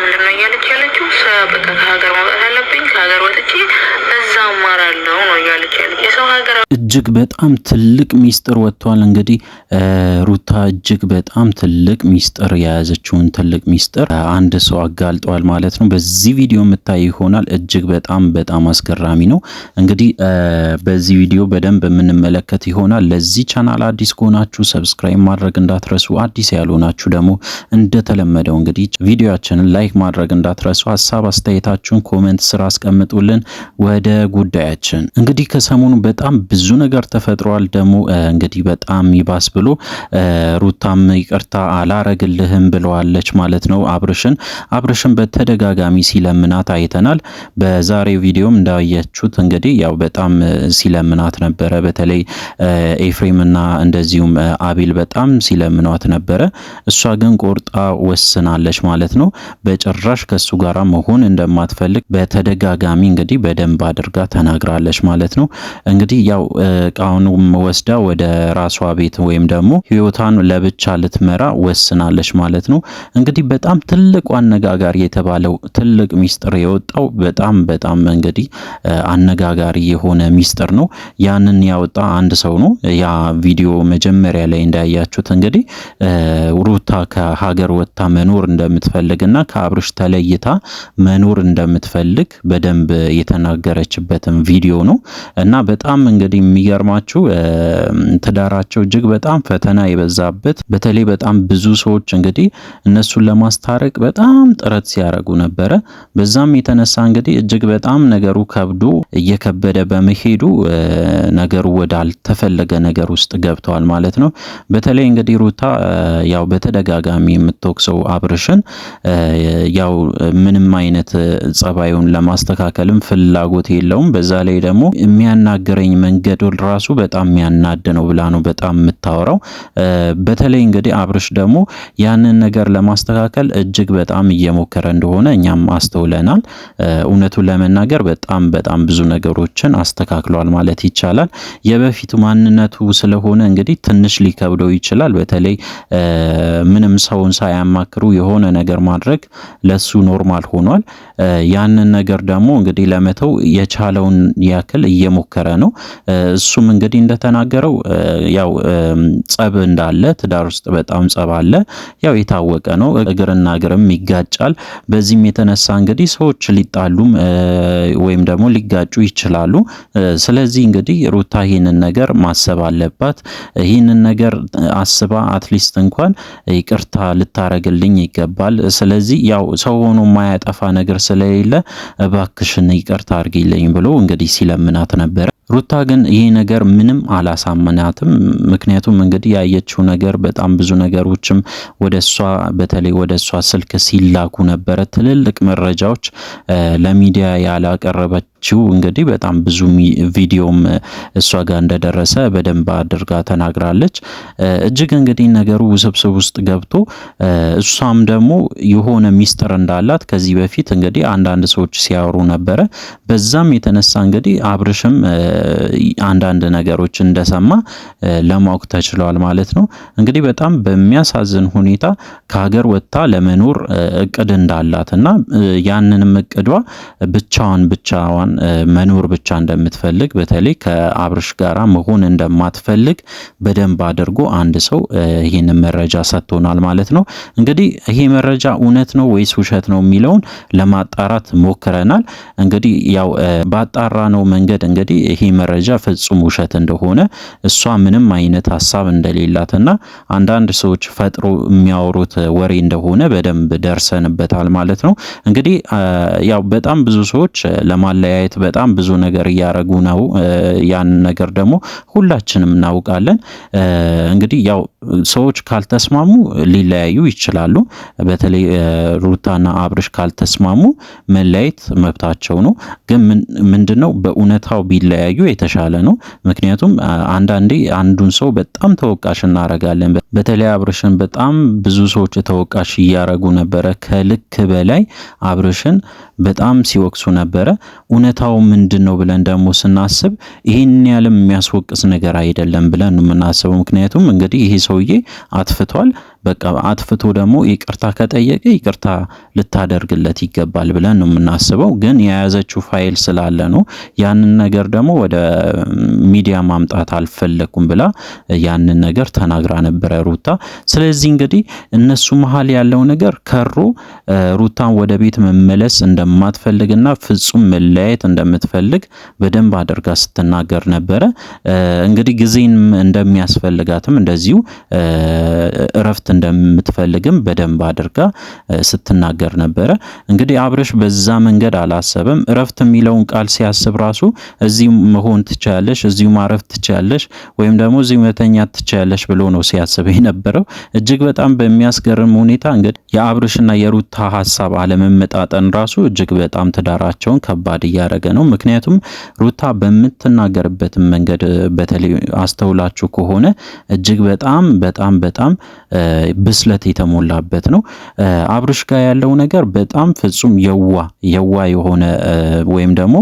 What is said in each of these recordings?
ምንድን ነው እያለች ያለችው በቃ ከሀገር መውጣት አለብኝ፣ ከሀገር ወጥቼ እዛ እማራለሁ ነው እያለች ያለችው። እጅግ በጣም ትልቅ ሚስጥር ወጥቷል። እንግዲህ ሩታ እጅግ በጣም ትልቅ ሚስጥር የያዘችውን ትልቅ ሚስጥር አንድ ሰው አጋልጧል ማለት ነው። በዚህ ቪዲዮ የምታይ ይሆናል። እጅግ በጣም በጣም አስገራሚ ነው። እንግዲህ በዚህ ቪዲዮ በደንብ የምንመለከት ይሆናል። ለዚህ ቻናል አዲስ ከሆናችሁ ሰብስክራይብ ማድረግ እንዳትረሱ፣ አዲስ ያልሆናችሁ ደግሞ እንደተለመደው እንግዲህ ቪዲዮችንን ላይክ ማድረግ እንዳትረሱ፣ ሀሳብ አስተያየታችሁን ኮሜንት ስራ አስቀምጡልን። ወደ ጉዳያችን እንግዲህ ከሰሞኑ በጣም ብዙ ነገር ተፈጥሯል። ደግሞ እንግዲህ በጣም ይባስ ብሎ ሩታም ይቅርታ አላረግልህም ብለዋለች ማለት ነው አብርሽን። አብርሽን በተደጋጋሚ ሲለምናት አይተናል። በዛሬ ቪዲዮም እንዳያችሁት እንግዲህ ያው በጣም ሲለምናት ነበረ። በተለይ ኤፍሬምና እንደዚሁም አቤል በጣም ሲለምኗት ነበረ። እሷ ግን ቆርጣ ወስናለች ማለት ነው። በጭራሽ ከሱ ጋራ መሆን እንደማትፈልግ በተደጋጋሚ እንግዲህ በደንብ አድርጋ ተናግራለች ማለት ነው። እንግዲህ ያው እቃውንም ወስዳ ወደ ራሷ ቤት ወይም ደግሞ ህይወቷን ለብቻ ልትመራ ወስናለች ማለት ነው። እንግዲህ በጣም ትልቁ አነጋጋሪ የተባለው ትልቅ ሚስጥር የወጣው በጣም በጣም እንግዲህ አነጋጋሪ የሆነ ሚስጥር ነው። ያንን ያወጣ አንድ ሰው ነው። ያ ቪዲዮ መጀመሪያ ላይ እንዳያችሁት እንግዲህ ሩታ ከሀገር ወጥታ መኖር እንደምትፈልግና ከአብርሽ ተለይታ መኖር እንደምትፈልግ በደንብ የተናገረችበትም ቪዲዮ ነው እና በጣም እንግዲህ የሚገርማችሁ ትዳራቸው እጅግ በጣም ፈተና የበዛበት በተለይ በጣም ብዙ ሰዎች እንግዲህ እነሱን ለማስታረቅ በጣም ጥረት ሲያደርጉ ነበረ። በዛም የተነሳ እንግዲህ እጅግ በጣም ነገሩ ከብዶ እየከበደ በመሄዱ ነገሩ ወዳልተፈለገ ነገር ውስጥ ገብተዋል ማለት ነው። በተለይ እንግዲህ ሩታ ያው በተደጋጋሚ የምትወቅሰው አብርሽን ያው ምንም አይነት ጸባዩን ለማስተካከልም ፍላጎት የለውም። በዛ ላይ ደግሞ የሚያናገ የተናገረኝ መንገድ ራሱ በጣም የሚያናድ ነው ብላ ነው በጣም የምታወራው። በተለይ እንግዲህ አብርሽ ደግሞ ያንን ነገር ለማስተካከል እጅግ በጣም እየሞከረ እንደሆነ እኛም አስተውለናል። እውነቱን ለመናገር በጣም በጣም ብዙ ነገሮችን አስተካክሏል ማለት ይቻላል። የበፊቱ ማንነቱ ስለሆነ እንግዲህ ትንሽ ሊከብደው ይችላል። በተለይ ምንም ሰውን ሳያማክሩ የሆነ ነገር ማድረግ ለሱ ኖርማል ሆኗል። ያንን ነገር ደግሞ እንግዲህ ለመተው የቻለውን ያክል እየሞከረ ነው። እሱም እንግዲህ እንደተናገረው ያው ጸብ እንዳለ ትዳር ውስጥ በጣም ጸብ አለ፣ ያው የታወቀ ነው። እግርና እግርም ይጋጫል። በዚህም የተነሳ እንግዲህ ሰዎች ሊጣሉም ወይም ደግሞ ሊጋጩ ይችላሉ። ስለዚህ እንግዲህ ሩታ ይህንን ነገር ማሰብ አለባት። ይህንን ነገር አስባ አትሊስት እንኳን ይቅርታ ልታረግልኝ ይገባል። ስለዚህ ያው ሰው ሆኖ የማያጠፋ ነገር ስለሌለ እባክሽን ይቅርታ አርግልኝ ብሎ እንግዲህ ሲለምናት ነበረ። ሩታ ግን ይህ ነገር ምንም አላሳመናትም። ምክንያቱም እንግዲህ ያየችው ነገር በጣም ብዙ ነገሮችም ወደ እሷ በተለይ ወደ እሷ ስልክ ሲላኩ ነበረ። ትልልቅ መረጃዎች ለሚዲያ ያላቀረበች ያለችው እንግዲህ በጣም ብዙ ቪዲዮም እሷ ጋር እንደደረሰ በደንብ አድርጋ ተናግራለች። እጅግ እንግዲህ ነገሩ ውስብስብ ውስጥ ገብቶ እሷም ደግሞ የሆነ ሚስጥር እንዳላት ከዚህ በፊት እንግዲህ አንዳንድ ሰዎች ሲያወሩ ነበረ። በዛም የተነሳ እንግዲህ አብርሽም አንዳንድ ነገሮች እንደሰማ ለማወቅ ተችሏል ማለት ነው። እንግዲህ በጣም በሚያሳዝን ሁኔታ ከሀገር ወጥታ ለመኖር እቅድ እንዳላት እና ያንንም እቅዷ ብቻዋን ብቻዋን ብቻዋን መኖር ብቻ እንደምትፈልግ በተለይ ከአብርሽ ጋራ መሆን እንደማትፈልግ በደንብ አድርጎ አንድ ሰው ይህንን መረጃ ሰጥቶናል ማለት ነው። እንግዲህ ይሄ መረጃ እውነት ነው ወይስ ውሸት ነው የሚለውን ለማጣራት ሞክረናል። እንግዲህ ያው ባጣራ ነው መንገድ እንግዲህ ይሄ መረጃ ፍጹም ውሸት እንደሆነ እሷ ምንም አይነት ሀሳብ እንደሌላትና አንዳንድ ሰዎች ፈጥሮ የሚያወሩት ወሬ እንደሆነ በደንብ ደርሰንበታል ማለት ነው። እንግዲህ ያው በጣም ብዙ ሰዎች ለማለያ ለማየት በጣም ብዙ ነገር እያረጉ ነው። ያን ነገር ደግሞ ሁላችንም እናውቃለን። እንግዲህ ያው ሰዎች ካልተስማሙ ሊለያዩ ይችላሉ። በተለይ ሩታና አብርሽ ካልተስማሙ መለያየት መብታቸው ነው። ግን ምንድን ነው በእውነታው ቢለያዩ የተሻለ ነው። ምክንያቱም አንዳንዴ አንዱን ሰው በጣም ተወቃሽ እናረጋለን። በተለይ አብርሽን በጣም ብዙ ሰዎች ተወቃሽ እያረጉ ነበረ ከልክ በላይ አብርሽን በጣም ሲወቅሱ ነበረ። እውነታው ምንድን ነው ብለን ደግሞ ስናስብ ይህን ያለም የሚያስወቅስ ነገር አይደለም ብለን የምናስበው። ምክንያቱም እንግዲህ ይሄ ሰውዬ አጥፍቷል በቃ አጥፍቶ ደግሞ ይቅርታ ከጠየቀ ይቅርታ ልታደርግለት ይገባል ብለን ነው የምናስበው። ግን የያዘችው ፋይል ስላለ ነው ያንን ነገር ደግሞ ወደ ሚዲያ ማምጣት አልፈለኩም ብላ ያንን ነገር ተናግራ ነበረ ሩታ። ስለዚህ እንግዲህ እነሱ መሀል ያለው ነገር ከሮ ሩታን ወደ ቤት መመለስ እንደማትፈልግና ፍጹም መለያየት እንደምትፈልግ በደንብ አድርጋ ስትናገር ነበረ። እንግዲህ ጊዜን እንደሚያስፈልጋትም እንደዚሁ እረፍት እንደምትፈልግም በደንብ አድርጋ ስትናገር ነበረ። እንግዲህ አብርሽ በዛ መንገድ አላሰበም። እረፍት የሚለውን ቃል ሲያስብ ራሱ እዚሁ መሆን ትችያለሽ፣ እዚሁ ማረፍ ትችያለሽ፣ ወይም ደግሞ እዚሁ መተኛት ትችያለሽ ብሎ ነው ሲያስብ የነበረው። እጅግ በጣም በሚያስገርም ሁኔታ እንግዲህ የአብርሽና የሩታ ሀሳብ አለመመጣጠን ራሱ እጅግ በጣም ትዳራቸውን ከባድ እያደረገ ነው። ምክንያቱም ሩታ በምትናገርበትም መንገድ በተለይ አስተውላችሁ ከሆነ እጅግ በጣም በጣም በጣም ብስለት የተሞላበት ነው። አብርሽ ጋር ያለው ነገር በጣም ፍጹም የዋ የዋ የሆነ ወይም ደግሞ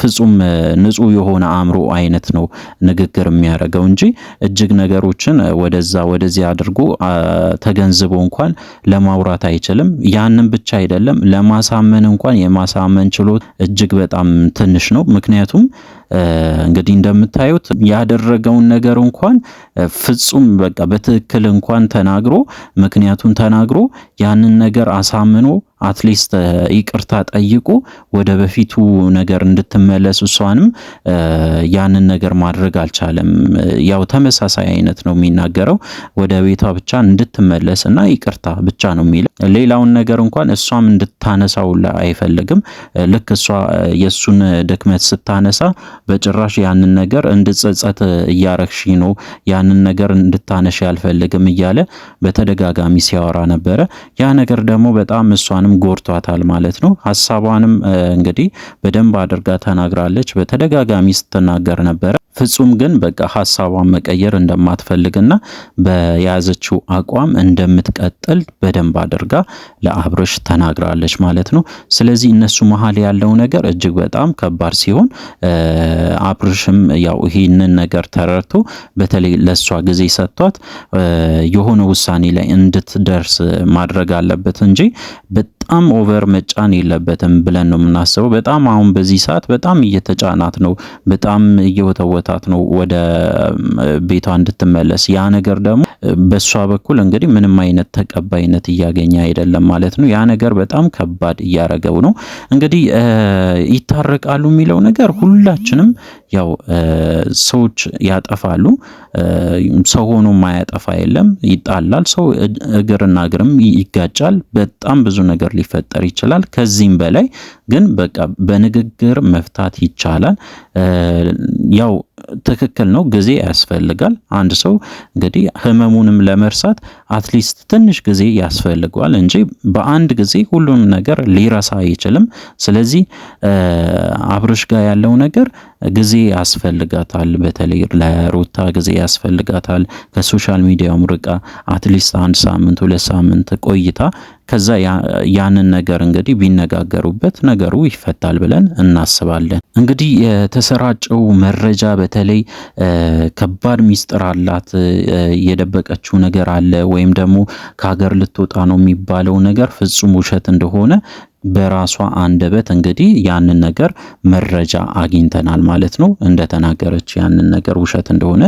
ፍጹም ንጹህ የሆነ አእምሮ አይነት ነው ንግግር የሚያደርገው እንጂ እጅግ ነገሮችን ወደዛ ወደዚህ አድርጎ ተገንዝቦ እንኳን ለማውራት አይችልም። ያንን ብቻ አይደለም ለማሳመን እንኳን የማሳመን ችሎት እጅግ በጣም ትንሽ ነው። ምክንያቱም እንግዲህ እንደምታዩት ያደረገውን ነገር እንኳን ፍጹም በቃ በትክክል እንኳን ተናግሮ ምክንያቱን ተናግሮ ያንን ነገር አሳምኖ አትሊስት uh, ይቅርታ ጠይቁ ወደ በፊቱ ነገር እንድትመለስ እሷንም uh, ያንን ነገር ማድረግ አልቻለም። ያው ተመሳሳይ አይነት ነው የሚናገረው። ወደ ቤቷ ብቻ እንድትመለስ እና ይቅርታ ብቻ ነው የሚለው። ሌላውን ነገር እንኳን እሷም እንድታነሳው አይፈልግም። ልክ እሷ uh, የእሱን ድክመት ስታነሳ በጭራሽ ያንን ነገር እንድጸጸት እያረግሽ ነው፣ ያንን ነገር እንድታነሽ አልፈልግም እያለ በተደጋጋሚ ሲያወራ ነበረ። ያ ነገር ደግሞ በጣም እሷን ልቧንም ጎርቷታል ማለት ነው። ሀሳቧንም እንግዲህ በደንብ አድርጋ ተናግራለች። በተደጋጋሚ ስትናገር ነበረ። ፍጹም ግን በቃ ሀሳቧን መቀየር እንደማትፈልግና በያዘችው አቋም እንደምትቀጥል በደንብ አድርጋ ለአብርሽ ተናግራለች ማለት ነው። ስለዚህ እነሱ መሀል ያለው ነገር እጅግ በጣም ከባድ ሲሆን አብርሽም ያው ይህንን ነገር ተረድቶ በተለይ ለእሷ ጊዜ ሰጥቷት የሆነ ውሳኔ ላይ እንድትደርስ ማድረግ አለበት እንጂ በጣም ኦቨር መጫን የለበትም ብለን ነው የምናስበው። በጣም አሁን በዚህ ሰዓት በጣም እየተጫናት ነው፣ በጣም እየወተወታት ነው ወደ ቤቷ እንድትመለስ። ያ ነገር ደግሞ በእሷ በኩል እንግዲህ ምንም አይነት ተቀባይነት እያገኘ አይደለም ማለት ነው። ያ ነገር በጣም ከባድ እያረገው ነው። እንግዲህ ይታረቃሉ የሚለው ነገር ሁላችንም ያው ሰዎች ያጠፋሉ። ሰው ሆኖ ማያጠፋ የለም። ይጣላል ሰው እግርና እግርም ይጋጫል። በጣም ብዙ ነገር ሊፈጠር ይችላል። ከዚህም በላይ ግን በቃ በንግግር መፍታት ይቻላል። ያው ትክክል ነው፣ ጊዜ ያስፈልጋል። አንድ ሰው እንግዲህ ህመሙንም ለመርሳት አትሊስት ትንሽ ጊዜ ያስፈልገዋል እንጂ በአንድ ጊዜ ሁሉንም ነገር ሊረሳ አይችልም። ስለዚህ አብርሽ ጋር ያለው ነገር ጊዜ ያስፈልጋታል። በተለይ ለሩታ ጊዜ ያስፈልጋታል። ከሶሻል ሚዲያውም ርቃ አትሊስት አንድ ሳምንት ሁለት ሳምንት ቆይታ ከዛ ያንን ነገር እንግዲህ ቢነጋገሩበት ነገሩ ይፈታል ብለን እናስባለን። እንግዲህ የተሰራጨው መረጃ በተለይ ከባድ ሚስጥር አላት፣ የደበቀችው ነገር አለ ወይም ደግሞ ከሀገር ልትወጣ ነው የሚባለው ነገር ፍጹም ውሸት እንደሆነ በራሷ አንደበት እንግዲህ ያንን ነገር መረጃ አግኝተናል ማለት ነው። እንደተናገረች ያንን ነገር ውሸት እንደሆነ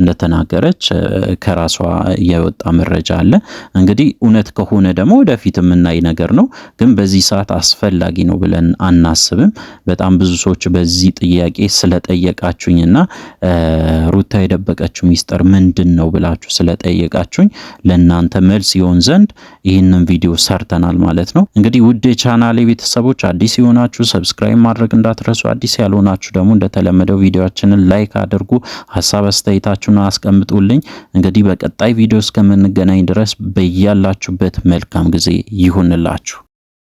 እንደተናገረች ከራሷ የወጣ መረጃ አለ። እንግዲህ እውነት ከሆነ ደግሞ ወደፊት የምናይ ነገር ነው፣ ግን በዚህ ሰዓት አስፈላጊ ነው ብለን አናስብም። በጣም ብዙ ሰዎች በዚህ ጥያቄ ስለጠየቃችሁኝና ሩታ የደበቀችው ሚስጥር ምንድን ነው ብላችሁ ስለጠየቃችሁኝ ለእናንተ መልስ ይሆን ዘንድ ይህንን ቪዲዮ ሰርተናል ማለት ነው። እንግዲህ ውድ የቻናሌ ቤተሰቦች አዲስ የሆናችሁ ሰብስክራይብ ማድረግ እንዳትረሱ፣ አዲስ ያልሆናችሁ ደግሞ እንደተለመደው ቪዲዮችንን ላይክ አድርጉ። ሀሳብ አስተያየታችሁ ብላችሁን አስቀምጡልኝ። እንግዲህ በቀጣይ ቪዲዮ እስከምንገናኝ ድረስ በያላችሁበት መልካም ጊዜ ይሁንላችሁ።